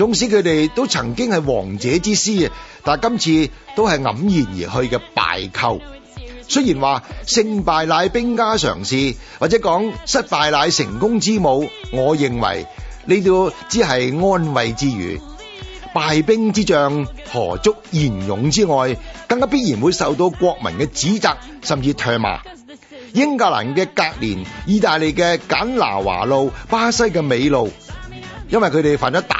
縱使佢哋都曾經係王者之師啊，但係今次都係黯然而去嘅敗寇。雖然話勝敗乃兵家常事，或者講失敗乃成功之母，我認為呢啲只係安慰之語。敗兵之將何足言勇之外，更加必然會受到國民嘅指責，甚至唾罵。英格蘭嘅格連、意大利嘅簡拿華路、巴西嘅美路，因為佢哋犯咗大